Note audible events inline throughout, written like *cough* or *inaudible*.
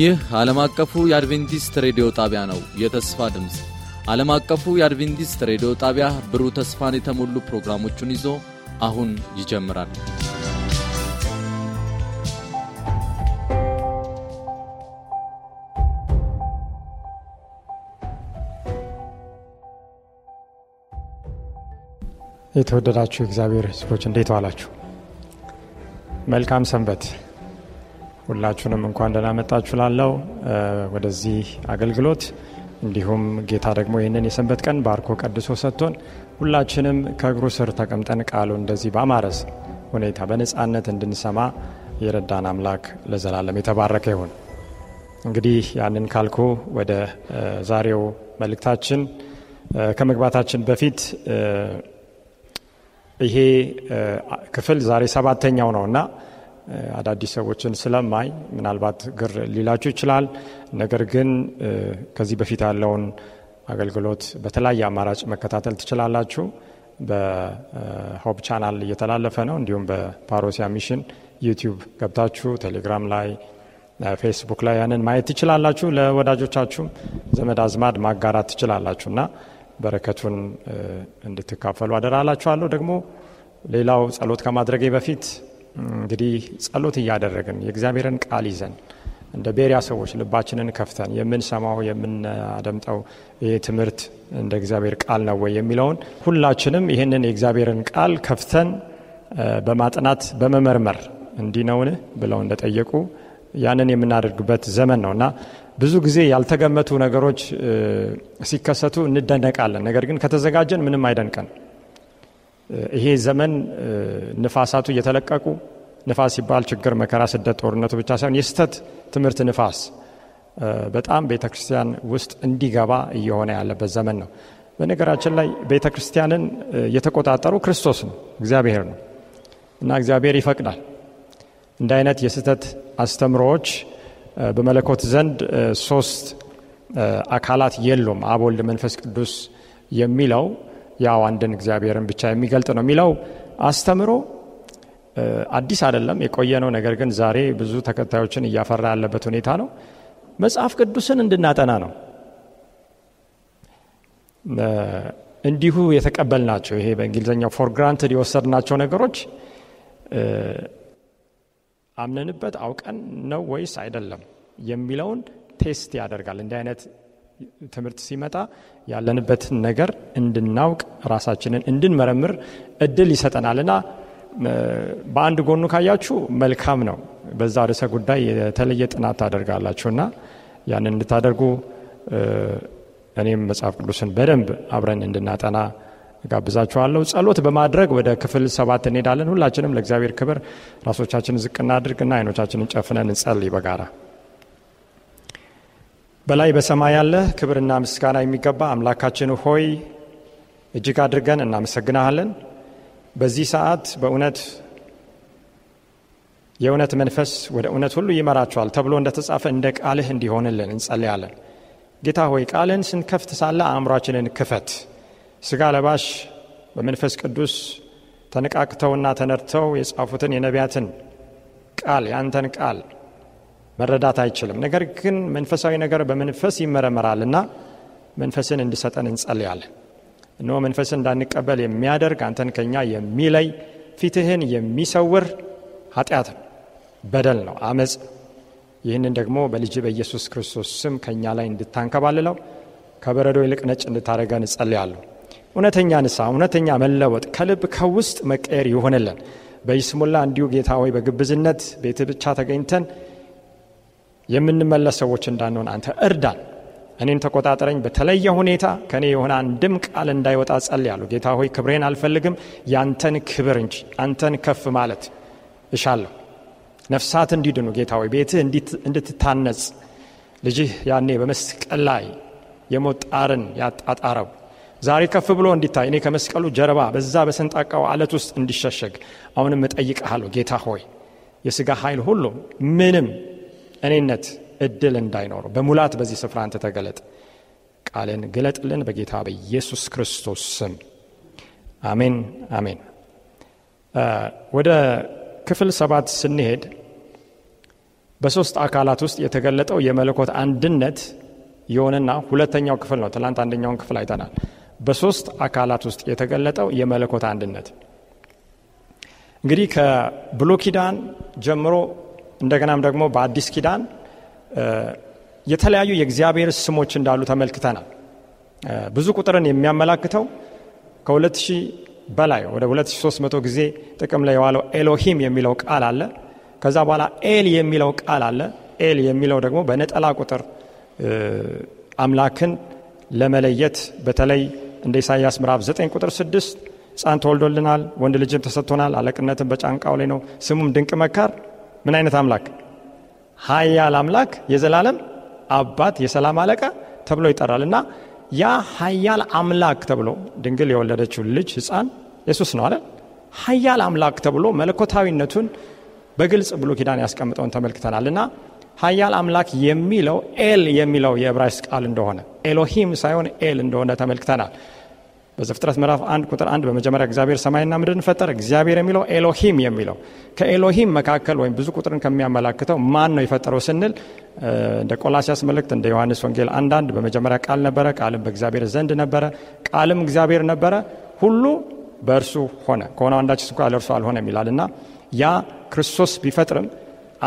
ይህ ዓለም አቀፉ የአድቬንቲስት ሬዲዮ ጣቢያ ነው። የተስፋ ድምፅ ዓለም አቀፉ የአድቬንቲስት ሬዲዮ ጣቢያ ብሩህ ተስፋን የተሞሉ ፕሮግራሞቹን ይዞ አሁን ይጀምራል። የተወደዳችሁ እግዚአብሔር ህዝቦች እንዴት ዋላችሁ? መልካም ሰንበት። ሁላችሁንም እንኳን ደህና መጣችሁ ላለው ወደዚህ አገልግሎት እንዲሁም ጌታ ደግሞ ይህንን የሰንበት ቀን ባርኮ ቀድሶ ሰጥቶን ሁላችንም ከእግሩ ስር ተቀምጠን ቃሉ እንደዚህ ባማረስ ሁኔታ በነፃነት እንድንሰማ የረዳን አምላክ ለዘላለም የተባረከ ይሁን። እንግዲህ ያንን ካልኩ ወደ ዛሬው መልእክታችን ከመግባታችን በፊት ይሄ ክፍል ዛሬ ሰባተኛው ነው እና አዳዲስ ሰዎችን ስለማይ ምናልባት ግር ሊላችሁ ይችላል። ነገር ግን ከዚህ በፊት ያለውን አገልግሎት በተለያየ አማራጭ መከታተል ትችላላችሁ። በሆብ ቻናል እየተላለፈ ነው። እንዲሁም በፓሮሲያ ሚሽን ዩቲዩብ ገብታችሁ ቴሌግራም ላይ ፌስቡክ ላይ ያንን ማየት ትችላላችሁ። ለወዳጆቻችሁም ዘመድ አዝማድ ማጋራት ትችላላችሁ እና በረከቱን እንድትካፈሉ አደራላችኋለሁ። ደግሞ ሌላው ጸሎት ከማድረጌ በፊት እንግዲህ ጸሎት እያደረግን የእግዚአብሔርን ቃል ይዘን እንደ ቤሪያ ሰዎች ልባችንን ከፍተን የምንሰማው የምናደምጠው ይህ ትምህርት እንደ እግዚአብሔር ቃል ነው ወይ የሚለውን ሁላችንም ይህንን የእግዚአብሔርን ቃል ከፍተን በማጥናት በመመርመር እንዲ ነውን ብለው እንደጠየቁ ያንን የምናደርግበት ዘመን ነው እና ብዙ ጊዜ ያልተገመቱ ነገሮች ሲከሰቱ እንደነቃለን። ነገር ግን ከተዘጋጀን ምንም አይደንቀን። ይሄ ዘመን ንፋሳቱ እየተለቀቁ ንፋስ ሲባል ችግር፣ መከራ፣ ስደት፣ ጦርነቱ ብቻ ሳይሆን የስተት ትምህርት ንፋስ በጣም ቤተ ክርስቲያን ውስጥ እንዲገባ እየሆነ ያለበት ዘመን ነው። በነገራችን ላይ ቤተ ክርስቲያንን የተቆጣጠሩ ክርስቶስ ነው፣ እግዚአብሔር ነው እና እግዚአብሔር ይፈቅዳል እንዲህ አይነት የስህተት አስተምሮዎች በመለኮት ዘንድ ሶስት አካላት የሉም አቦልድ መንፈስ ቅዱስ የሚለው ያው አንድን እግዚአብሔርን ብቻ የሚገልጥ ነው የሚለው አስተምሮ አዲስ አይደለም፣ የቆየ ነው። ነገር ግን ዛሬ ብዙ ተከታዮችን እያፈራ ያለበት ሁኔታ ነው። መጽሐፍ ቅዱስን እንድናጠና ነው እንዲሁ የተቀበል ናቸው ይሄ በእንግሊዝኛው ፎር ግራንትድ የወሰድናቸው ነገሮች አምነንበት አውቀን ነው ወይስ አይደለም የሚለውን ቴስት ያደርጋል እንዲህ አይነት ትምህርት ሲመጣ ያለንበትን ነገር እንድናውቅ ራሳችንን እንድንመረምር እድል ይሰጠናልና በአንድ ጎኑ ካያችሁ መልካም ነው። በዛ ርዕሰ ጉዳይ የተለየ ጥናት ታደርጋላችሁና ያንን እንድታደርጉ እኔም መጽሐፍ ቅዱስን በደንብ አብረን እንድናጠና ጋብዛችኋለሁ። ጸሎት በማድረግ ወደ ክፍል ሰባት እንሄዳለን። ሁላችንም ለእግዚአብሔር ክብር ራሶቻችንን ዝቅ እናድርግና አይኖቻችንን ጨፍነን እንጸል በጋራ በላይ በሰማይ ያለ ክብርና ምስጋና የሚገባ አምላካችን ሆይ እጅግ አድርገን እናመሰግናሃለን። በዚህ ሰዓት በእውነት የእውነት መንፈስ ወደ እውነት ሁሉ ይመራቸዋል ተብሎ እንደተጻፈ እንደ ቃልህ እንዲሆንልን እንጸልያለን። ጌታ ሆይ ቃልን ስንከፍት ሳለ አእምሯችንን ክፈት። ስጋ ለባሽ በመንፈስ ቅዱስ ተነቃቅተውና ተነድተው የጻፉትን የነቢያትን ቃል የአንተን ቃል መረዳት አይችልም። ነገር ግን መንፈሳዊ ነገር በመንፈስ ይመረመራልና መንፈስን እንዲሰጠን እንጸልያለን። እኖ መንፈስን እንዳንቀበል የሚያደርግ አንተን ከኛ የሚለይ ፊትህን የሚሰውር ኃጢአት ነው፣ በደል ነው፣ አመፅ። ይህንን ደግሞ በልጅ በኢየሱስ ክርስቶስ ስም ከእኛ ላይ እንድታንከባልለው ከበረዶ ይልቅ ነጭ እንድታደረገን እጸልያለሁ። እውነተኛ ንሳ እውነተኛ መለወጥ፣ ከልብ ከውስጥ መቀየር ይሆንልን። በይስሙላ እንዲሁ ጌታ ሆይ በግብዝነት ቤት ብቻ ተገኝተን የምንመለስ ሰዎች እንዳንሆን አንተ እርዳን። እኔን ተቆጣጠረኝ። በተለየ ሁኔታ ከእኔ የሆነ አንድም ቃል እንዳይወጣ ያሉ ጌታ ሆይ ክብሬን አልፈልግም፣ ያንተን ክብር እንጂ አንተን ከፍ ማለት እሻለሁ። ነፍሳት እንዲድኑ ጌታ ሆይ ቤትህ እንድትታነጽ ልጅህ ያኔ በመስቀል ላይ የሞጣርን ያጣጣረው ዛሬ ከፍ ብሎ እንዲታይ እኔ ከመስቀሉ ጀርባ በዛ በሰንጣቃው አለት ውስጥ እንዲሸሸግ አሁንም እጠይቀሃለሁ ጌታ ሆይ የሥጋ ኃይል ሁሉ ምንም እኔነት እድል እንዳይኖረው በሙላት በዚህ ስፍራ አንተ ተገለጥ። ቃልን ግለጥልን በጌታ በኢየሱስ ክርስቶስ ስም አሜን፣ አሜን። ወደ ክፍል ሰባት ስንሄድ በሶስት አካላት ውስጥ የተገለጠው የመለኮት አንድነት የሆነና ሁለተኛው ክፍል ነው። ትላንት አንደኛውን ክፍል አይተናል። በሶስት አካላት ውስጥ የተገለጠው የመለኮት አንድነት እንግዲህ ከብሎኪዳን ጀምሮ እንደገናም ደግሞ በአዲስ ኪዳን የተለያዩ የእግዚአብሔር ስሞች እንዳሉ ተመልክተናል። ብዙ ቁጥርን የሚያመላክተው ከ2000 በላይ ወደ 2300 ጊዜ ጥቅም ላይ የዋለው ኤሎሂም የሚለው ቃል አለ። ከዛ በኋላ ኤል የሚለው ቃል አለ። ኤል የሚለው ደግሞ በነጠላ ቁጥር አምላክን ለመለየት በተለይ እንደ ኢሳይያስ ምዕራፍ 9 ቁጥር 6 ሕፃን ተወልዶልናል፣ ወንድ ልጅም ተሰጥቶናል፣ አለቅነትን በጫንቃው ላይ ነው፣ ስሙም ድንቅ መካር ምን አይነት አምላክ? ሀያል አምላክ የዘላለም አባት የሰላም አለቃ ተብሎ ይጠራል እና ያ ሀያል አምላክ ተብሎ ድንግል የወለደችው ልጅ ህፃን የሱስ ነው አለ ሀያል አምላክ ተብሎ መለኮታዊነቱን በግልጽ ብሎ ኪዳን ያስቀምጠውን ተመልክተናል እና ሀያል አምላክ የሚለው ኤል የሚለው የዕብራይስጥ ቃል እንደሆነ ኤሎሂም ሳይሆን ኤል እንደሆነ ተመልክተናል። በዘፍጥረት ምዕራፍ አንድ ቁጥር አንድ በመጀመሪያ እግዚአብሔር ሰማይና ምድርን ፈጠረ። እግዚአብሔር የሚለው ኤሎሂም የሚለው ከኤሎሂም መካከል ወይም ብዙ ቁጥርን ከሚያመላክተው ማን ነው የፈጠረው ስንል እንደ ቆላሲያስ መልእክት እንደ ዮሐንስ ወንጌል አንዳንድ በመጀመሪያ ቃል ነበረ፣ ቃልም በእግዚአብሔር ዘንድ ነበረ፣ ቃልም እግዚአብሔር ነበረ፣ ሁሉ በእርሱ ሆነ፣ ከሆነ አንዳች ስንኳ ለእርሱ አልሆነም ይላል እና ያ ክርስቶስ ቢፈጥርም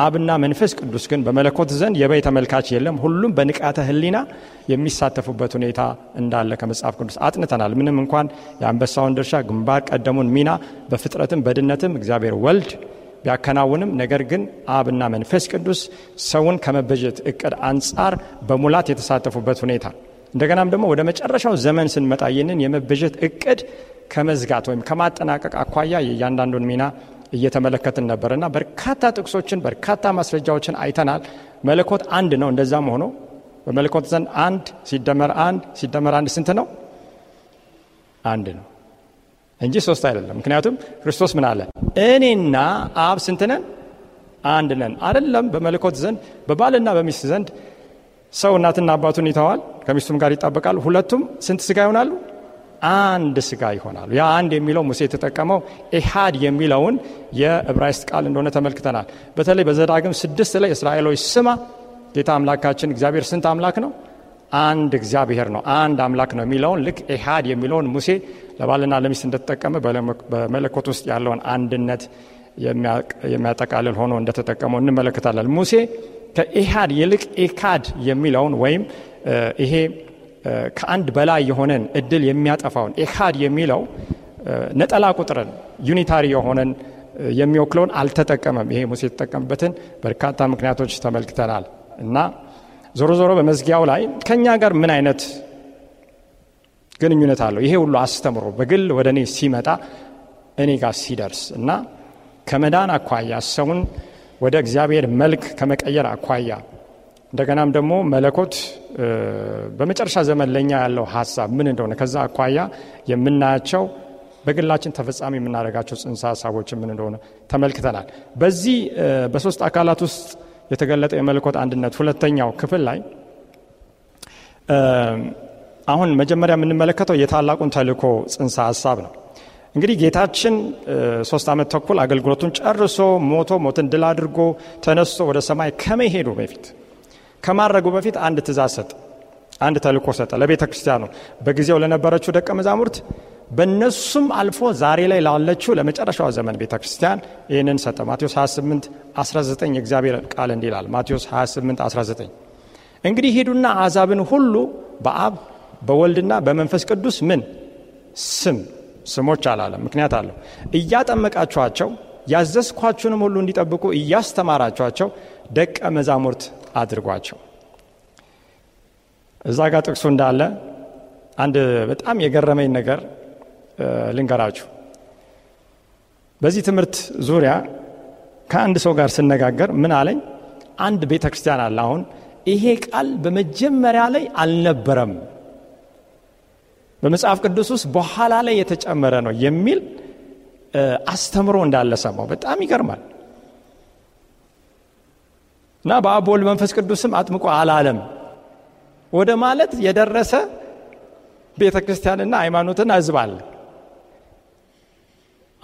አብና መንፈስ ቅዱስ ግን በመለኮት ዘንድ የበይ ተመልካች የለም፣ ሁሉም በንቃተ ህሊና የሚሳተፉበት ሁኔታ እንዳለ ከመጽሐፍ ቅዱስ አጥንተናል። ምንም እንኳን የአንበሳውን ድርሻ ግንባር ቀደሙን ሚና በፍጥረትም በድነትም እግዚአብሔር ወልድ ቢያከናውንም ነገር ግን አብና መንፈስ ቅዱስ ሰውን ከመበጀት እቅድ አንጻር በሙላት የተሳተፉበት ሁኔታ እንደገናም ደግሞ ወደ መጨረሻው ዘመን ስንመጣ ይህንን የመበጀት እቅድ ከመዝጋት ወይም ከማጠናቀቅ አኳያ የእያንዳንዱን ሚና እየተመለከትን ነበር በርካታ ጥቅሶችን በርካታ ማስረጃዎችን አይተናል። መለኮት አንድ ነው። እንደዛም ሆኖ በመለኮት ዘንድ አንድ ሲደመር አንድ ሲደመር አንድ ስንት ነው? አንድ ነው እንጂ ሶስት አይደለም። ምክንያቱም ክርስቶስ ምን አለ? እኔና አብ ስንት ነን? አንድ ነን። አይደለም በመለኮት ዘንድ በባልና በሚስት ዘንድ ሰው እናትና አባቱን ይተዋል፣ ከሚስቱም ጋር ይጣበቃል ሁለቱም ስንት ስጋ ይሆናሉ? አንድ ስጋ ይሆናሉ። ያ አንድ የሚለው ሙሴ የተጠቀመው ኤሃድ የሚለውን የዕብራይስጥ ቃል እንደሆነ ተመልክተናል። በተለይ በዘዳግም ስድስት ላይ እስራኤሎች ስማ ጌታ አምላካችን እግዚአብሔር ስንት አምላክ ነው? አንድ እግዚአብሔር ነው፣ አንድ አምላክ ነው የሚለውን ልክ ኤሃድ የሚለውን ሙሴ ለባልና ለሚስት እንደተጠቀመ በመለኮት ውስጥ ያለውን አንድነት የሚያጠቃልል ሆኖ እንደተጠቀመው እንመለከታለን። ሙሴ ከኢሃድ ይልቅ ኢካድ የሚለውን ወይም ይሄ ከአንድ በላይ የሆነን እድል የሚያጠፋውን ኤሃድ የሚለው ነጠላ ቁጥርን ዩኒታሪ የሆነን የሚወክለውን አልተጠቀመም። ይሄ ሙሴ የተጠቀምበትን በርካታ ምክንያቶች ተመልክተናል እና ዞሮ ዞሮ በመዝጊያው ላይ ከእኛ ጋር ምን አይነት ግንኙነት አለው? ይሄ ሁሉ አስተምሮ በግል ወደ እኔ ሲመጣ እኔ ጋር ሲደርስ እና ከመዳን አኳያ ሰውን ወደ እግዚአብሔር መልክ ከመቀየር አኳያ እንደገናም ደግሞ መለኮት በመጨረሻ ዘመን ለኛ ያለው ሀሳብ ምን እንደሆነ ከዛ አኳያ የምናያቸው በግላችን ተፈጻሚ የምናደርጋቸው ጽንሰ ሀሳቦች ምን እንደሆነ ተመልክተናል። በዚህ በሶስት አካላት ውስጥ የተገለጠ የመለኮት አንድነት ሁለተኛው ክፍል ላይ አሁን መጀመሪያ የምንመለከተው የታላቁን ተልኮ ጽንሰ ሀሳብ ነው። እንግዲህ ጌታችን ሶስት ዓመት ተኩል አገልግሎቱን ጨርሶ ሞቶ ሞትን ድል አድርጎ ተነስቶ ወደ ሰማይ ከመሄዱ በፊት ከማድረጉ በፊት አንድ ትእዛዝ ሰጠ፣ አንድ ተልኮ ሰጠ ለቤተ ክርስቲያኑ በጊዜው ለነበረችው ደቀ መዛሙርት፣ በእነሱም አልፎ ዛሬ ላይ ላለችው ለመጨረሻዋ ዘመን ቤተ ክርስቲያን ይህንን ሰጠ። ማቴዎስ 28 19 የእግዚአብሔር ቃል እንዲላል ማቴዎስ 28 19 እንግዲህ ሄዱና አዛብን ሁሉ በአብ በወልድና በመንፈስ ቅዱስ ምን ስም ስሞች አላለም፣ ምክንያት አለው እያጠመቃችኋቸው ያዘዝኳችሁንም ሁሉ እንዲጠብቁ እያስተማራችኋቸው ደቀ መዛሙርት አድርጓቸው። እዛ ጋር ጥቅሱ እንዳለ አንድ በጣም የገረመኝ ነገር ልንገራችሁ። በዚህ ትምህርት ዙሪያ ከአንድ ሰው ጋር ስነጋገር ምን አለኝ፣ አንድ ቤተ ክርስቲያን አለ። አሁን ይሄ ቃል በመጀመሪያ ላይ አልነበረም፣ በመጽሐፍ ቅዱስ ውስጥ በኋላ ላይ የተጨመረ ነው የሚል አስተምሮ እንዳለ ሰማው። በጣም ይገርማል። እና በአብ መንፈስ ቅዱስም አጥምቆ አላለም ወደ ማለት የደረሰ ቤተ ክርስቲያንና ሃይማኖትን አዝባል።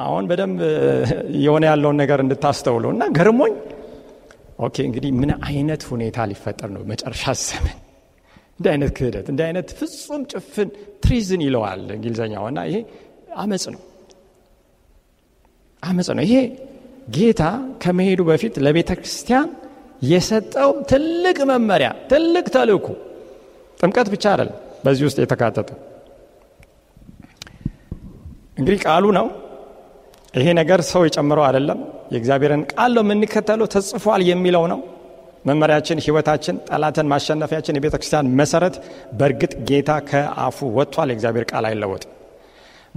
አሁን በደንብ የሆነ ያለውን ነገር እንድታስተውሉ እና ገርሞኝ፣ ኦኬ እንግዲህ ምን አይነት ሁኔታ ሊፈጠር ነው መጨረሻ ዘመን? እንዲህ አይነት ክህደት፣ እንዲህ አይነት ፍጹም ጭፍን ትሪዝን ይለዋል እንግሊዝኛው እና ይሄ አመፅ ነው፣ አመፅ ነው። ይሄ ጌታ ከመሄዱ በፊት ለቤተ ክርስቲያን የሰጠው ትልቅ መመሪያ ትልቅ ተልእኮ ጥምቀት ብቻ አይደል በዚህ ውስጥ የተካተተ እንግዲህ ቃሉ ነው ይሄ ነገር ሰው የጨምረው አይደለም የእግዚአብሔርን ቃል ነው የምንከተለው ተጽፏል የሚለው ነው መመሪያችን ህይወታችን ጠላትን ማሸነፊያችን የቤተ ክርስቲያን መሰረት በእርግጥ ጌታ ከአፉ ወጥቷል የእግዚአብሔር ቃል አይለወጥ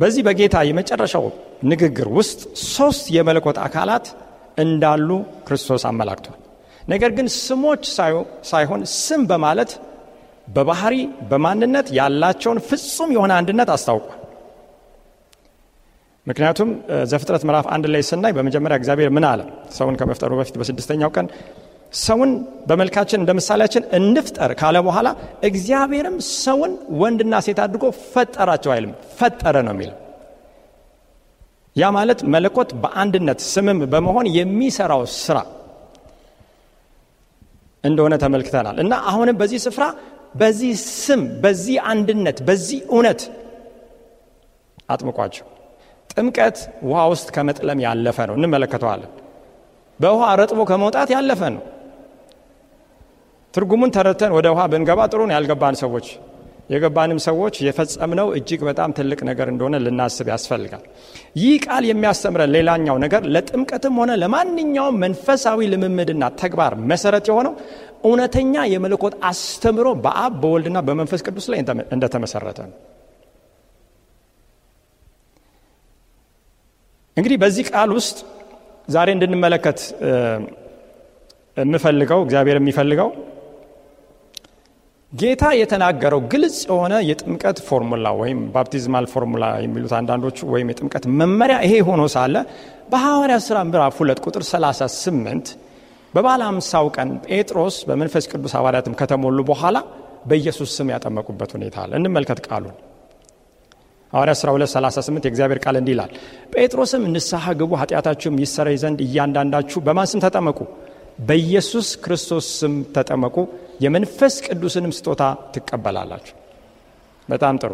በዚህ በጌታ የመጨረሻው ንግግር ውስጥ ሶስት የመለኮት አካላት እንዳሉ ክርስቶስ አመላክቷል ነገር ግን ስሞች ሳይሆን ስም በማለት በባህሪ በማንነት ያላቸውን ፍጹም የሆነ አንድነት አስታውቋል። ምክንያቱም ዘፍጥረት ምዕራፍ አንድ ላይ ስናይ በመጀመሪያ እግዚአብሔር ምን አለ? ሰውን ከመፍጠሩ በፊት በስድስተኛው ቀን ሰውን በመልካችን እንደ ምሳሌያችን እንፍጠር ካለ በኋላ እግዚአብሔርም ሰውን ወንድና ሴት አድርጎ ፈጠራቸው አይልም፣ ፈጠረ ነው የሚል። ያ ማለት መለኮት በአንድነት ስምም በመሆን የሚሰራው ስራ እንደሆነ ተመልክተናል እና አሁንም በዚህ ስፍራ በዚህ ስም በዚህ አንድነት በዚህ እውነት አጥምቋቸው ጥምቀት ውሃ ውስጥ ከመጥለም ያለፈ ነው እንመለከተዋለን በውሃ ረጥቦ ከመውጣት ያለፈ ነው ትርጉሙን ተረድተን ወደ ውሃ ብንገባ ጥሩን ያልገባን ሰዎች የገባንም ሰዎች የፈጸምነው እጅግ በጣም ትልቅ ነገር እንደሆነ ልናስብ ያስፈልጋል። ይህ ቃል የሚያስተምረን ሌላኛው ነገር ለጥምቀትም ሆነ ለማንኛውም መንፈሳዊ ልምምድና ተግባር መሰረት የሆነው እውነተኛ የመለኮት አስተምሮ በአብ በወልድና በመንፈስ ቅዱስ ላይ እንደተመሰረተ ነው። እንግዲህ በዚህ ቃል ውስጥ ዛሬ እንድንመለከት የምፈልገው እግዚአብሔር የሚፈልገው ጌታ የተናገረው ግልጽ የሆነ የጥምቀት ፎርሙላ ወይም ባፕቲዝማል ፎርሙላ የሚሉት አንዳንዶቹ ወይም የጥምቀት መመሪያ ይሄ ሆኖ ሳለ በሐዋርያ ሥራ ምዕራፍ 2 ቁጥር 38 በባለ አምሳው ቀን ጴጥሮስ በመንፈስ ቅዱስ ሐዋርያትም ከተሞሉ በኋላ በኢየሱስ ስም ያጠመቁበት ሁኔታ አለ። እንመልከት ቃሉን። ሐዋርያ ሥራ 2 38 የእግዚአብሔር ቃል እንዲህ ይላል፣ ጴጥሮስም ንስሐ ግቡ፣ ኃጢአታችሁም ይሰረይ ዘንድ እያንዳንዳችሁ በማን ስም ተጠመቁ? በኢየሱስ ክርስቶስ ስም ተጠመቁ የመንፈስ ቅዱስንም ስጦታ ትቀበላላችሁ። በጣም ጥሩ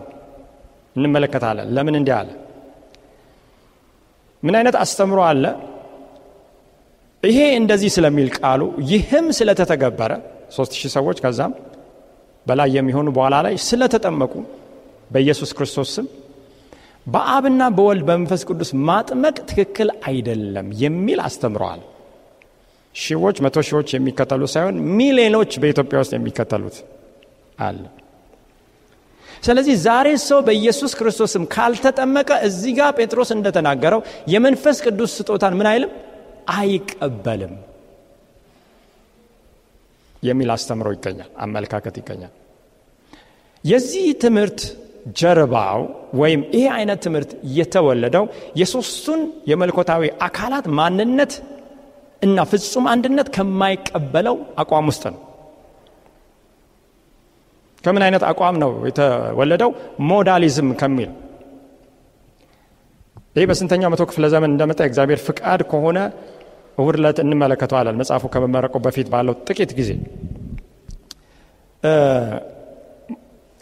እንመለከታለን። ለምን እንዲህ አለ? ምን አይነት አስተምሮ አለ? ይሄ እንደዚህ ስለሚል ቃሉ ይህም ስለተተገበረ ሶስት ሺህ ሰዎች ከዛም በላይ የሚሆኑ በኋላ ላይ ስለተጠመቁ በኢየሱስ ክርስቶስ ስም በአብና በወልድ በመንፈስ ቅዱስ ማጥመቅ ትክክል አይደለም የሚል አስተምረዋል። ሺዎች፣ መቶ ሺዎች የሚከተሉ ሳይሆን ሚሊዮኖች በኢትዮጵያ ውስጥ የሚከተሉት አለ። ስለዚህ ዛሬ ሰው በኢየሱስ ክርስቶስም ካልተጠመቀ እዚህ ጋር ጴጥሮስ እንደተናገረው የመንፈስ ቅዱስ ስጦታን ምን አይልም አይቀበልም የሚል አስተምሮ ይገኛል፣ አመለካከት ይገኛል። የዚህ ትምህርት ጀርባው ወይም ይሄ አይነት ትምህርት የተወለደው የሶስቱን የመልኮታዊ አካላት ማንነት እና ፍጹም አንድነት ከማይቀበለው አቋም ውስጥ ነው። ከምን አይነት አቋም ነው የተወለደው? ሞዳሊዝም ከሚል ይህ በስንተኛው መቶ ክፍለ ዘመን እንደመጣ እግዚአብሔር ፍቃድ ከሆነ እሑድ ለት እንመለከተዋለን። መጽሐፉ ከመመረቁ በፊት ባለው ጥቂት ጊዜ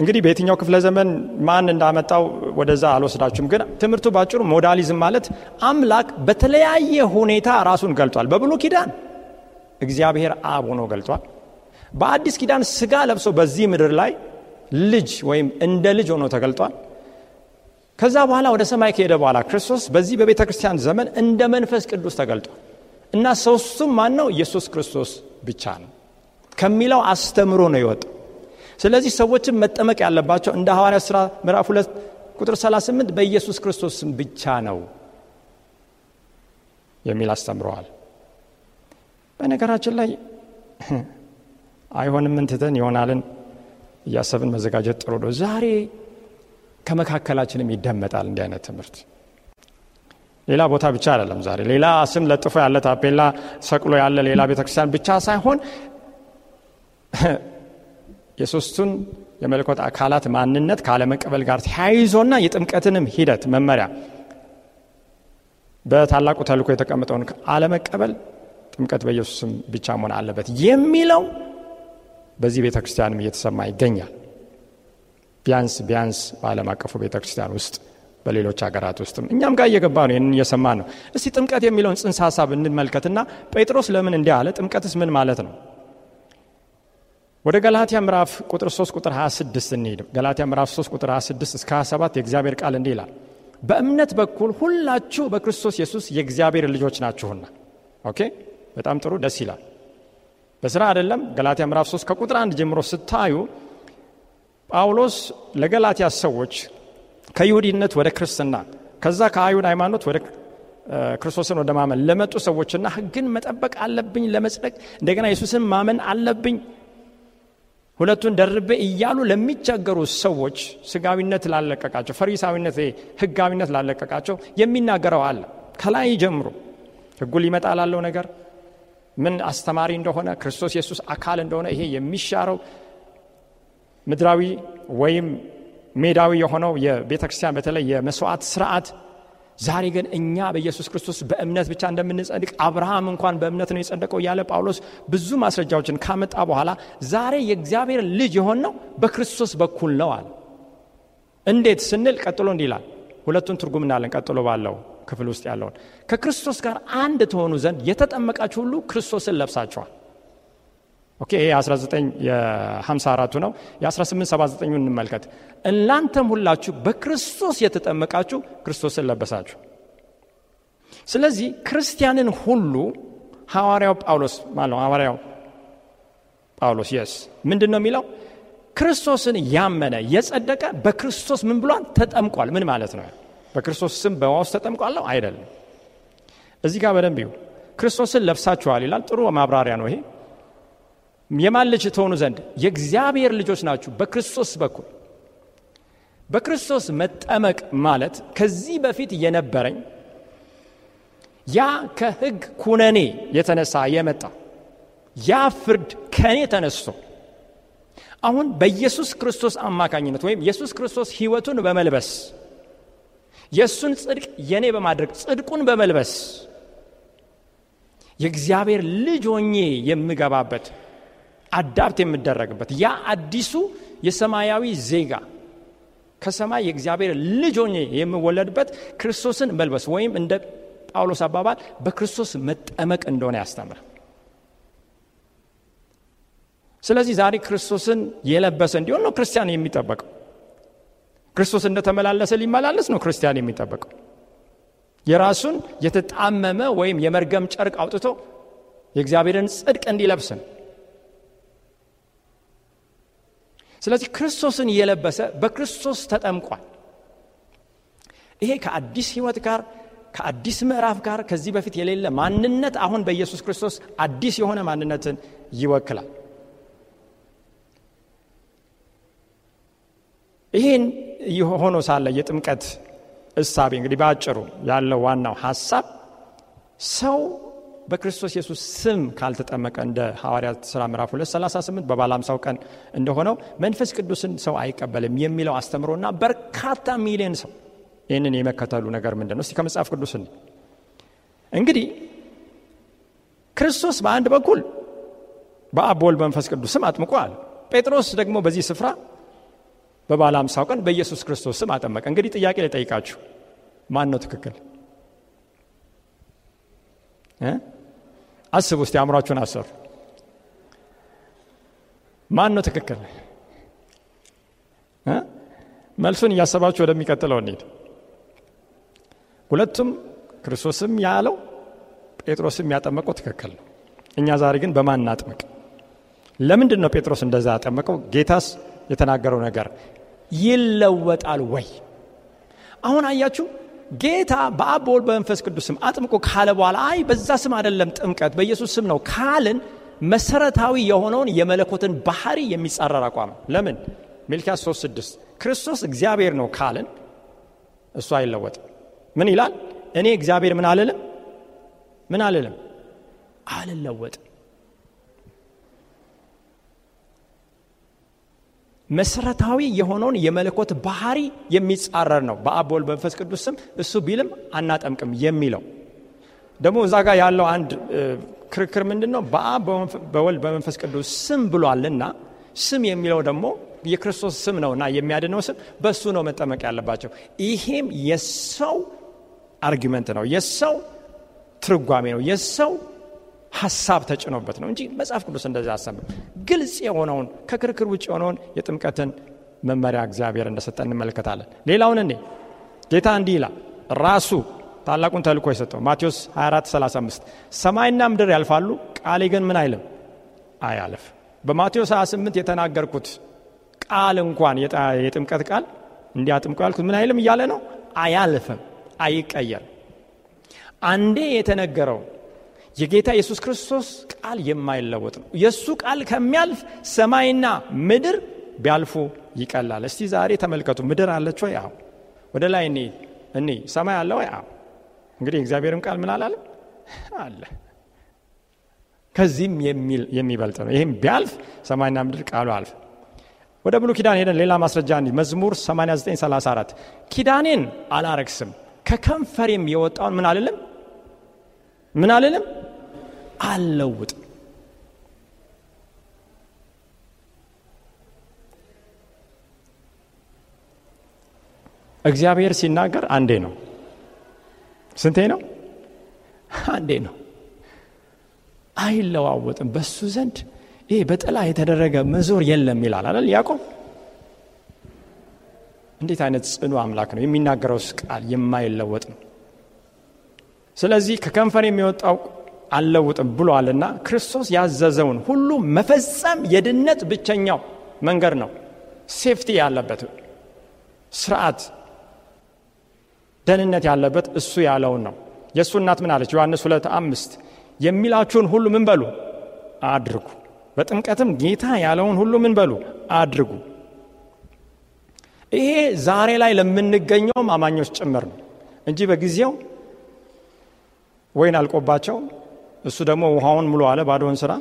እንግዲህ በየትኛው ክፍለ ዘመን ማን እንዳመጣው ወደዛ አልወስዳችሁም። ግን ትምህርቱ ባጭሩ ሞዳሊዝም ማለት አምላክ በተለያየ ሁኔታ ራሱን ገልጧል። በብሉ ኪዳን እግዚአብሔር አብ ሆኖ ገልጧል። በአዲስ ኪዳን ስጋ ለብሶ በዚህ ምድር ላይ ልጅ ወይም እንደ ልጅ ሆኖ ተገልጧል። ከዛ በኋላ ወደ ሰማይ ከሄደ በኋላ ክርስቶስ በዚህ በቤተ ክርስቲያን ዘመን እንደ መንፈስ ቅዱስ ተገልጧል እና ሰውሱም ማን ነው? ኢየሱስ ክርስቶስ ብቻ ነው ከሚለው አስተምሮ ነው የወጣው። ስለዚህ ሰዎችን መጠመቅ ያለባቸው እንደ ሐዋርያ ሥራ ምዕራፍ 2 ቁጥር 38 በኢየሱስ ክርስቶስ ስም ብቻ ነው የሚል አስተምረዋል። በነገራችን ላይ *clears throat* አይሆንም ትተን ይሆናልን እያሰብን መዘጋጀት ጥሩ ነው። ዛሬ ከመካከላችንም ይደመጣል እንዲህ አይነት ትምህርት ሌላ ቦታ ብቻ አይደለም። ዛሬ ሌላ ስም ለጥፎ ያለ ታፔላ ሰቅሎ ያለ ሌላ ቤተክርስቲያን ብቻ ሳይሆን *clears throat* የሶስቱን የመለኮት አካላት ማንነት ካለመቀበል ጋር ተያይዞና የጥምቀትንም ሂደት መመሪያ በታላቁ ተልኮ የተቀመጠውን አለመቀበል ጥምቀት በኢየሱስም ብቻ መሆን አለበት የሚለው በዚህ ቤተ ክርስቲያንም እየተሰማ ይገኛል። ቢያንስ ቢያንስ በዓለም አቀፉ ቤተ ክርስቲያን ውስጥ በሌሎች ሀገራት ውስጥም እኛም ጋር እየገባ ነው። ይህንን እየሰማ ነው። እስቲ ጥምቀት የሚለውን ጽንሰ ሀሳብ እንመልከትና ጴጥሮስ ለምን እንዲህ አለ? ጥምቀትስ ምን ማለት ነው? ወደ ገላትያ ምዕራፍ ቁጥር 3 ቁጥር 26 እንሂድ። ገላትያ ምዕራፍ 3 ቁጥር 26 እስከ 27 የእግዚአብሔር ቃል እንዲህ ይላል፣ በእምነት በኩል ሁላችሁ በክርስቶስ ኢየሱስ የእግዚአብሔር ልጆች ናችሁና። ኦኬ፣ በጣም ጥሩ ደስ ይላል። በስራ አይደለም። ገላትያ ምዕራፍ 3 ከቁጥር 1 ጀምሮ ስታዩ ጳውሎስ ለገላትያ ሰዎች ከይሁዲነት ወደ ክርስትና ከዛ ከአይሁድ ሃይማኖት ወደ ክርስቶስን ወደ ማመን ለመጡ ሰዎችና ህግን መጠበቅ አለብኝ ለመጽደቅ እንደገና ኢየሱስን ማመን አለብኝ ሁለቱን ደርቤ እያሉ ለሚቸገሩ ሰዎች ስጋዊነት ላለቀቃቸው፣ ፈሪሳዊነት ህጋዊነት ላለቀቃቸው የሚናገረው አለ። ከላይ ጀምሮ ህጉ ሊመጣ ላለው ነገር ምን አስተማሪ እንደሆነ ክርስቶስ የሱስ አካል እንደሆነ ይሄ የሚሻረው ምድራዊ ወይም ሜዳዊ የሆነው የቤተ ክርስቲያን በተለይ የመስዋዕት ስርዓት ዛሬ ግን እኛ በኢየሱስ ክርስቶስ በእምነት ብቻ እንደምንጸድቅ አብርሃም እንኳን በእምነት ነው የጸደቀው እያለ ጳውሎስ ብዙ ማስረጃዎችን ካመጣ በኋላ ዛሬ የእግዚአብሔር ልጅ የሆነው በክርስቶስ በኩል ነው አለ። እንዴት ስንል ቀጥሎ እንዲህ ይላል። ሁለቱን ትርጉም እናለን ቀጥሎ ባለው ክፍል ውስጥ ያለውን ከክርስቶስ ጋር አንድ ተሆኑ ዘንድ የተጠመቃችሁ ሁሉ ክርስቶስን ለብሳችኋል። ኦኬ ይሄ 1954 ነው። የ1879 እንመልከት። እናንተም ሁላችሁ በክርስቶስ የተጠመቃችሁ ክርስቶስን ለበሳችሁ። ስለዚህ ክርስቲያንን ሁሉ ሐዋርያው ጳውሎስ ማለት ሐዋርያው ጳውሎስ የስ ምንድን ነው የሚለው? ክርስቶስን ያመነ የጸደቀ በክርስቶስ ምን ብሏል? ተጠምቋል። ምን ማለት ነው? በክርስቶስ ስም በዋ ውስጥ ተጠምቋለሁ አይደለም። እዚህ ጋር በደንብ ይሁ ክርስቶስን ለብሳችኋል ይላል። ጥሩ ማብራሪያ ነው ይሄ የማን ልጅ ትሆኑ ዘንድ የእግዚአብሔር ልጆች ናችሁ በክርስቶስ በኩል በክርስቶስ መጠመቅ ማለት ከዚህ በፊት የነበረኝ ያ ከህግ ኩነኔ የተነሳ የመጣ ያ ፍርድ ከኔ ተነስቶ አሁን በኢየሱስ ክርስቶስ አማካኝነት ወይም ኢየሱስ ክርስቶስ ሕይወቱን በመልበስ የእሱን ጽድቅ የእኔ በማድረግ ጽድቁን በመልበስ የእግዚአብሔር ልጅ ሆኜ የምገባበት አዳብት የምደረግበት ያ አዲሱ የሰማያዊ ዜጋ ከሰማይ የእግዚአብሔር ልጅ ሆኜ የምወለድበት ክርስቶስን መልበስ ወይም እንደ ጳውሎስ አባባል በክርስቶስ መጠመቅ እንደሆነ ያስተምር። ስለዚህ ዛሬ ክርስቶስን የለበሰ እንዲሆን ነው ክርስቲያን የሚጠበቀው። ክርስቶስ እንደተመላለሰ ሊመላለስ ነው ክርስቲያን የሚጠበቀው። የራሱን የተጣመመ ወይም የመርገም ጨርቅ አውጥቶ የእግዚአብሔርን ጽድቅ እንዲለብስ ነው። ስለዚህ ክርስቶስን እየለበሰ በክርስቶስ ተጠምቋል ይሄ ከአዲስ ህይወት ጋር ከአዲስ ምዕራፍ ጋር ከዚህ በፊት የሌለ ማንነት አሁን በኢየሱስ ክርስቶስ አዲስ የሆነ ማንነትን ይወክላል ይህን ሆኖ ሳለ የጥምቀት እሳቤ እንግዲህ በአጭሩ ያለው ዋናው ሀሳብ ሰው በክርስቶስ ኢየሱስ ስም ካልተጠመቀ እንደ ሐዋርያት ሥራ ምዕራፍ 238 በባለ 50 ቀን እንደሆነው መንፈስ ቅዱስን ሰው አይቀበልም የሚለው አስተምሮና በርካታ ሚሊዮን ሰው ይህንን የመከተሉ ነገር ምንድን ነው? እስቲ ከመጽሐፍ ቅዱስ እንግዲህ ክርስቶስ በአንድ በኩል በአቦል መንፈስ ቅዱስ ስም አጥምቋል። ጴጥሮስ ደግሞ በዚህ ስፍራ በባለ ሃምሳው ቀን በኢየሱስ ክርስቶስ ስም አጠመቀ። እንግዲህ ጥያቄ ጠይቃችሁ ማን ነው ትክክል? አስቡ እስቲ አእምሯችሁን አሰሩ። ማን ነው ትክክል? መልሱን እያሰባችሁ ወደሚቀጥለው እንሂድ። ሁለቱም ክርስቶስም ያለው ጴጥሮስም ያጠመቀው ትክክል ነው። እኛ ዛሬ ግን በማን እናጥምቅ? ለምንድን ነው ጴጥሮስ እንደዛ ያጠመቀው? ጌታስ የተናገረው ነገር ይለወጣል ወይ? አሁን አያችሁ ጌታ በአብ በወልድ በመንፈስ ቅዱስ ስም አጥምቆ ካለ በኋላ አይ በዛ ስም አይደለም ጥምቀት በኢየሱስ ስም ነው ካልን መሰረታዊ የሆነውን የመለኮትን ባህሪ የሚጻረር አቋም ለምን ሚልኪያስ 3፥6 ክርስቶስ እግዚአብሔር ነው ካልን እሱ አይለወጥም። ምን ይላል? እኔ እግዚአብሔር ምን አልልም ምን አልልም አልለወጥም። መሰረታዊ የሆነውን የመለኮት ባህሪ የሚጻረር ነው። በአቦል በወልድ በመንፈስ ቅዱስ ስም እሱ ቢልም አናጠምቅም የሚለው ደግሞ እዛ ጋር ያለው አንድ ክርክር ምንድን ነው? በወል በወልድ በመንፈስ ቅዱስ ስም ብሏልና ስም የሚለው ደግሞ የክርስቶስ ስም ነውና የሚያድነው ስም በሱ ነው መጠመቅ ያለባቸው። ይሄም የሰው አርጊመንት ነው፣ የሰው ትርጓሜ ነው፣ የሰው ሀሳብ ተጭኖበት ነው እንጂ መጽሐፍ ቅዱስ እንደዚ ሀሳብ ግልጽ የሆነውን ከክርክር ውጭ የሆነውን የጥምቀትን መመሪያ እግዚአብሔር እንደሰጠ እንመለከታለን። ሌላውን እኔ ጌታ እንዲህ ይላል ራሱ ታላቁን ተልኮ የሰጠው ማቴዎስ 24 35 ሰማይና ምድር ያልፋሉ ቃሌ ግን ምን አይልም አያልፍ። በማቴዎስ 28 የተናገርኩት ቃል እንኳን የጥምቀት ቃል እንዲያጥምቁ ያልኩት ምን አይልም እያለ ነው። አያልፍም፣ አይቀየር አንዴ የተነገረው የጌታ ኢየሱስ ክርስቶስ ቃል የማይለወጥ ነው። የእሱ ቃል ከሚያልፍ ሰማይና ምድር ቢያልፉ ይቀላል። እስቲ ዛሬ ተመልከቱ። ምድር አለች ወይ? አዎ። ወደ ላይ እኔ እኔ ሰማይ አለ ወይ? እንግዲህ እግዚአብሔርም ቃል ምን አላለም አለ። ከዚህም የሚበልጥ ነው። ይህም ቢያልፍ ሰማይና ምድር ቃሉ አልፍ። ወደ ብሉ ኪዳን ሄደን ሌላ ማስረጃ መዝሙር 8934 ኪዳኔን አላረክስም ከከንፈሬም የወጣውን ምን አልልም ምን አልልም አልለውጥም እግዚአብሔር ሲናገር አንዴ ነው ስንቴ ነው አንዴ ነው አይለዋወጥም በሱ ዘንድ ይሄ በጥላ የተደረገ መዞር የለም ይላል አለል ያዕቆብ እንዴት አይነት ጽኑ አምላክ ነው የሚናገረው ቃል የማይለወጥ ነው ስለዚህ ከከንፈር የሚወጣው አልለውጥም ብሏልና ክርስቶስ ያዘዘውን ሁሉ መፈጸም የድነት ብቸኛው መንገድ ነው። ሴፍቲ ያለበት ስርዓት፣ ደህንነት ያለበት እሱ ያለውን ነው። የእሱ እናት ምን አለች? ዮሐንስ ሁለት አምስት የሚላችሁን ሁሉ ምን በሉ አድርጉ። በጥምቀትም ጌታ ያለውን ሁሉ ምን በሉ አድርጉ። ይሄ ዛሬ ላይ ለምንገኘውም አማኞች ጭምር ነው እንጂ በጊዜው ወይን አልቆባቸው እሱ ደግሞ ውሃውን ሙሉ አለ ባዶውን ስራ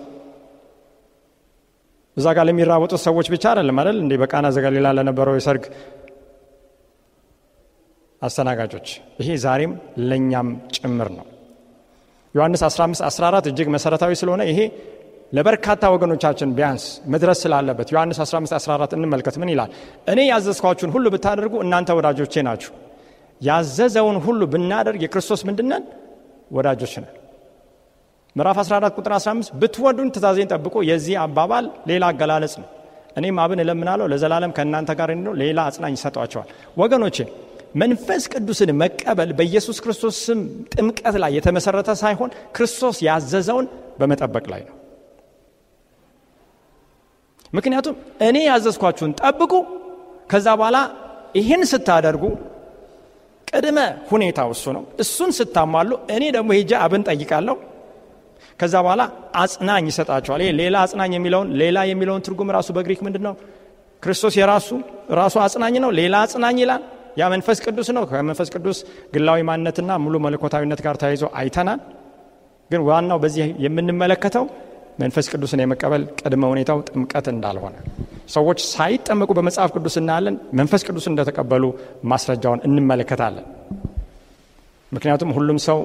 እዛ ጋር ለሚራወጡት ሰዎች ብቻ አይደለም አይደል እንዴ በቃና ዘገሊላ ለነበረው የሰርግ አስተናጋጆች ይሄ ዛሬም ለእኛም ጭምር ነው ዮሐንስ 15 14 እጅግ መሰረታዊ ስለሆነ ይሄ ለበርካታ ወገኖቻችን ቢያንስ መድረስ ስላለበት ዮሐንስ 15 14 እንመልከት ምን ይላል እኔ ያዘዝኳችሁን ሁሉ ብታደርጉ እናንተ ወዳጆቼ ናችሁ ያዘዘውን ሁሉ ብናደርግ የክርስቶስ ምንድነን ወዳጆች ነን ምዕራፍ 14 ቁጥር 15 ብትወዱን ትእዛዜን ጠብቁ። የዚህ አባባል ሌላ አገላለጽ ነው። እኔም አብን እለምናለሁ ለዘላለም ከእናንተ ጋር እንደው ሌላ አጽናኝ ይሰጧቸዋል። ወገኖቼ መንፈስ ቅዱስን መቀበል በኢየሱስ ክርስቶስ ስም ጥምቀት ላይ የተመሰረተ ሳይሆን ክርስቶስ ያዘዘውን በመጠበቅ ላይ ነው። ምክንያቱም እኔ ያዘዝኳችሁን ጠብቁ፣ ከዛ በኋላ ይህን ስታደርጉ ቅድመ ሁኔታው እሱ ነው። እሱን ስታሟሉ እኔ ደግሞ ሄጃ አብን ጠይቃለሁ ከዛ በኋላ አጽናኝ ይሰጣቸዋል። ይሄ ሌላ አጽናኝ የሚለውን ሌላ የሚለውን ትርጉም ራሱ በግሪክ ምንድን ነው? ክርስቶስ የራሱ ራሱ አጽናኝ ነው። ሌላ አጽናኝ ይላል። ያ መንፈስ ቅዱስ ነው። ከመንፈስ ቅዱስ ግላዊ ማንነትና ሙሉ መለኮታዊነት ጋር ተያይዞ አይተናል። ግን ዋናው በዚህ የምንመለከተው መንፈስ ቅዱስን የመቀበል ቅድመ ሁኔታው ጥምቀት እንዳልሆነ ሰዎች ሳይጠመቁ በመጽሐፍ ቅዱስ እናያለን። መንፈስ ቅዱስ እንደተቀበሉ ማስረጃውን እንመለከታለን። ምክንያቱም ሁሉም ሰው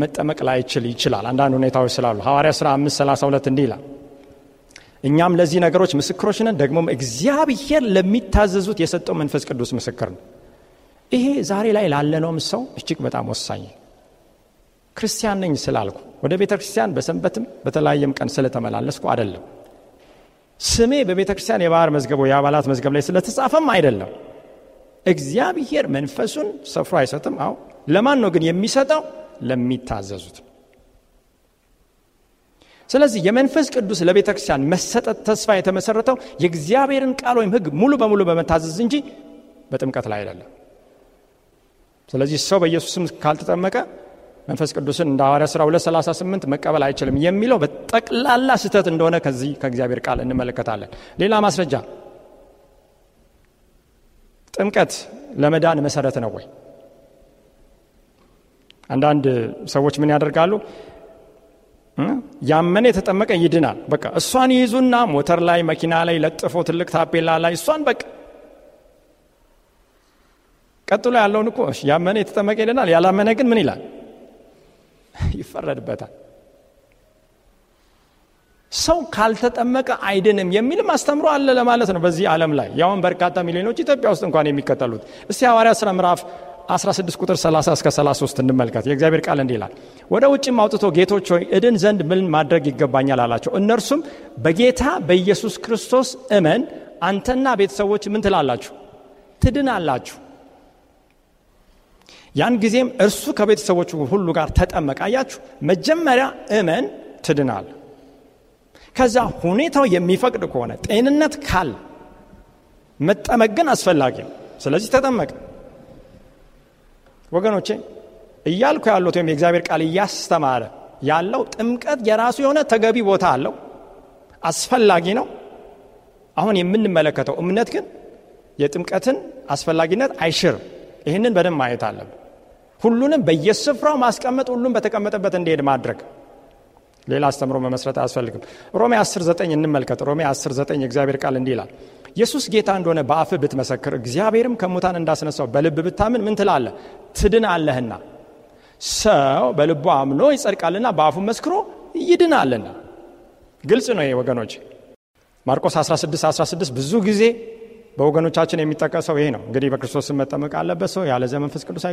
መጠመቅ ላይችል ይችላል። አንዳንድ ሁኔታዎች ስላሉ ሐዋርያ ሥራ 532 እንዲህ ይላል፣ እኛም ለዚህ ነገሮች ምስክሮች ነን፣ ደግሞም እግዚአብሔር ለሚታዘዙት የሰጠው መንፈስ ቅዱስ ምስክር ነው። ይሄ ዛሬ ላይ ላለነውም ሰው እጅግ በጣም ወሳኝ ክርስቲያን ነኝ ስላልኩ ወደ ቤተ ክርስቲያን በሰንበትም በተለያየም ቀን ስለተመላለስኩ አይደለም። ስሜ በቤተ ክርስቲያን የባህር መዝገብ የአባላት መዝገብ ላይ ስለተጻፈም አይደለም። እግዚአብሔር መንፈሱን ሰፍሮ አይሰጥም። አው ለማን ነው ግን የሚሰጠው? ለሚታዘዙት። ስለዚህ የመንፈስ ቅዱስ ለቤተ ክርስቲያን መሰጠት ተስፋ የተመሰረተው የእግዚአብሔርን ቃል ወይም ህግ ሙሉ በሙሉ በመታዘዝ እንጂ በጥምቀት ላይ አይደለም። ስለዚህ ሰው በኢየሱስም ካልተጠመቀ መንፈስ ቅዱስን እንደ ሐዋርያ ሥራ 238 መቀበል አይችልም የሚለው በጠቅላላ ስህተት እንደሆነ ከዚህ ከእግዚአብሔር ቃል እንመለከታለን። ሌላ ማስረጃ ጥምቀት ለመዳን መሰረት ነው ወይ? አንዳንድ ሰዎች ምን ያደርጋሉ? ያመነ የተጠመቀ ይድናል። በቃ እሷን ይይዙና ሞተር ላይ መኪና ላይ ለጥፎ ትልቅ ታፔላ ላይ እሷን በቃ ቀጥሎ ያለውን እኮ ያመነ የተጠመቀ ይድናል፣ ያላመነ ግን ምን ይላል? *laughs* ይፈረድበታል። ሰው ካልተጠመቀ አይድንም የሚልም አስተምሮ አለ ለማለት ነው በዚህ ዓለም ላይ ያውን በርካታ ሚሊዮኖች ኢትዮጵያ ውስጥ እንኳን የሚከተሉት እስቲ ሐዋርያ ስራ ምዕራፍ 16 ቁጥር 30 እስከ 33 እንመልከት። የእግዚአብሔር ቃል እንዲህ ይላል፣ ወደ ውጭም አውጥቶ ጌቶች ሆይ እድን ዘንድ ምን ማድረግ ይገባኛል አላቸው። እነርሱም በጌታ በኢየሱስ ክርስቶስ እመን፣ አንተና ቤተሰቦች ምን ትላላችሁ? ትድናላችሁ። ያን ጊዜም እርሱ ከቤተሰቦቹ ሁሉ ጋር ተጠመቀ። አያችሁ፣ መጀመሪያ እመን፣ ትድናል። ከዛ ሁኔታው የሚፈቅድ ከሆነ ጤንነት ካል መጠመቅ ግን አስፈላጊ ነው። ስለዚህ ተጠመቀ። ወገኖቼ እያልኩ ያሉት ወይም የእግዚአብሔር ቃል እያስተማረ ያለው ጥምቀት የራሱ የሆነ ተገቢ ቦታ አለው፣ አስፈላጊ ነው። አሁን የምንመለከተው እምነት ግን የጥምቀትን አስፈላጊነት አይሽር ይህንን በደንብ ማየት አለብ ሁሉንም በየስፍራው ማስቀመጥ፣ ሁሉም በተቀመጠበት እንዲሄድ ማድረግ ሌላ አስተምሮ መመስረት አያስፈልግም። ሮሜ 10 እንመልከት። ሮሜ 10 9 የእግዚአብሔር ቃል እንዲህ ይላል ኢየሱስ ጌታ እንደሆነ በአፍ ብትመሰክር እግዚአብሔርም ከሙታን እንዳስነሳው በልብ ብታምን ምን ትድን ትድናለህና። ሰው በልቡ አምኖ ይጸድቃልና በአፉ መስክሮ ይድናልና። ግልጽ ነው ወገኖች። ማርቆስ 16 16 ብዙ ጊዜ በወገኖቻችን የሚጠቀሰው ይሄ ነው። እንግዲህ በክርስቶስ መጠመቅ አለበት ሰው ያለዚያ መንፈስ ቅዱስ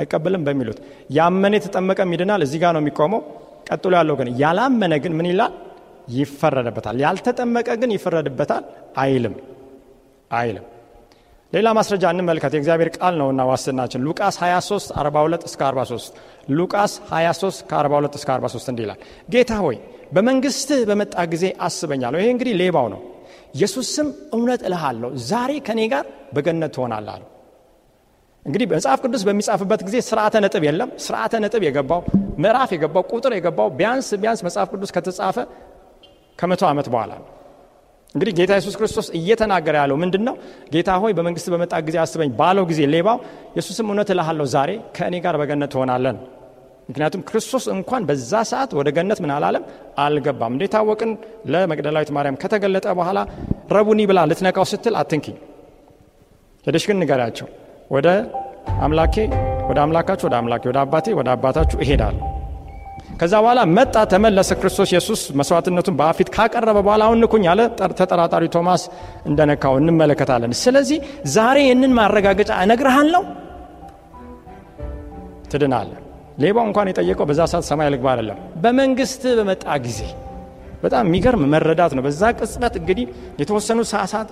አይቀበልም በሚሉት ያመነ የተጠመቀም ይድናል። እዚህ ጋር ነው የሚቆመው። ቀጥሎ ያለው ግን ያላመነ ግን ምን ይላል? ይፈረድበታል። ያልተጠመቀ ግን ይፈረድበታል አይልም አይልም። ሌላ ማስረጃ እንመልከት። የእግዚአብሔር ቃል ነውና ዋስናችን ሉቃስ 23 42 እስከ 43 ሉቃስ 23 ከ42 እስከ 43 እንዲህ ይላል፣ ጌታ ሆይ በመንግሥትህ በመጣ ጊዜ አስበኛለሁ። ይሄ እንግዲህ ሌባው ነው። ኢየሱስም እውነት እልሃለሁ ዛሬ ከእኔ ጋር በገነት ትሆናለህ አለው። እንግዲህ መጽሐፍ ቅዱስ በሚጻፍበት ጊዜ ስርዓተ ነጥብ የለም። ስርዓተ ነጥብ የገባው ምዕራፍ የገባው ቁጥር የገባው ቢያንስ ቢያንስ መጽሐፍ ቅዱስ ከተጻፈ ከመቶ ዓመት በኋላ ነው። እንግዲህ ጌታ የሱስ ክርስቶስ እየተናገረ ያለው ምንድን ነው? ጌታ ሆይ በመንግስት በመጣ ጊዜ አስበኝ ባለው ጊዜ ሌባው የሱስም እውነት እልሃለሁ ዛሬ ከእኔ ጋር በገነት ትሆናለን። ምክንያቱም ክርስቶስ እንኳን በዛ ሰዓት ወደ ገነት ምን አላለም፣ አልገባም። እንዴ ታወቅን? ለመቅደላዊት ማርያም ከተገለጠ በኋላ ረቡኒ ብላ ልትነቃው ስትል አትንኪ፣ ሄደሽ ግን ንገሪያቸው ወደ አምላኬ ወደ አምላካችሁ ወደ አምላኬ ወደ አባቴ ወደ አባታችሁ እሄዳለሁ ከዛ በኋላ መጣ ተመለሰ። ክርስቶስ ኢየሱስ መስዋዕትነቱን በአፊት ካቀረበ በኋላ አሁን ንኩኝ አለ። ተጠራጣሪ ቶማስ እንደነካው እንመለከታለን። ስለዚህ ዛሬ ይህንን ማረጋገጫ እነግርሃለሁ፣ ትድናለ ሌባው እንኳን የጠየቀው በዛ ሰዓት ሰማይ ልግባ አይደለም፣ በመንግስት በመጣ ጊዜ። በጣም የሚገርም መረዳት ነው። በዛ ቅጽበት እንግዲህ የተወሰኑ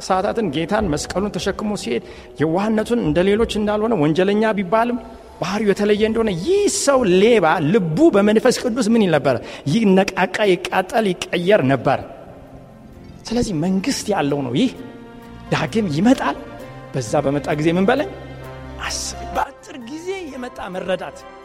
ሰዓታትን ጌታን መስቀሉን ተሸክሞ ሲሄድ የዋህነቱን እንደ ሌሎች እንዳልሆነ ወንጀለኛ ቢባልም ባህሪው የተለየ እንደሆነ ይህ ሰው ሌባ ልቡ በመንፈስ ቅዱስ ምን ይል ነበር? ይነቃቃ፣ ይቃጠል፣ ይቀየር ነበር። ስለዚህ መንግስት ያለው ነው። ይህ ዳግም ይመጣል። በዛ በመጣ ጊዜ ምን በለ አስብ። በአጭር ጊዜ የመጣ መረዳት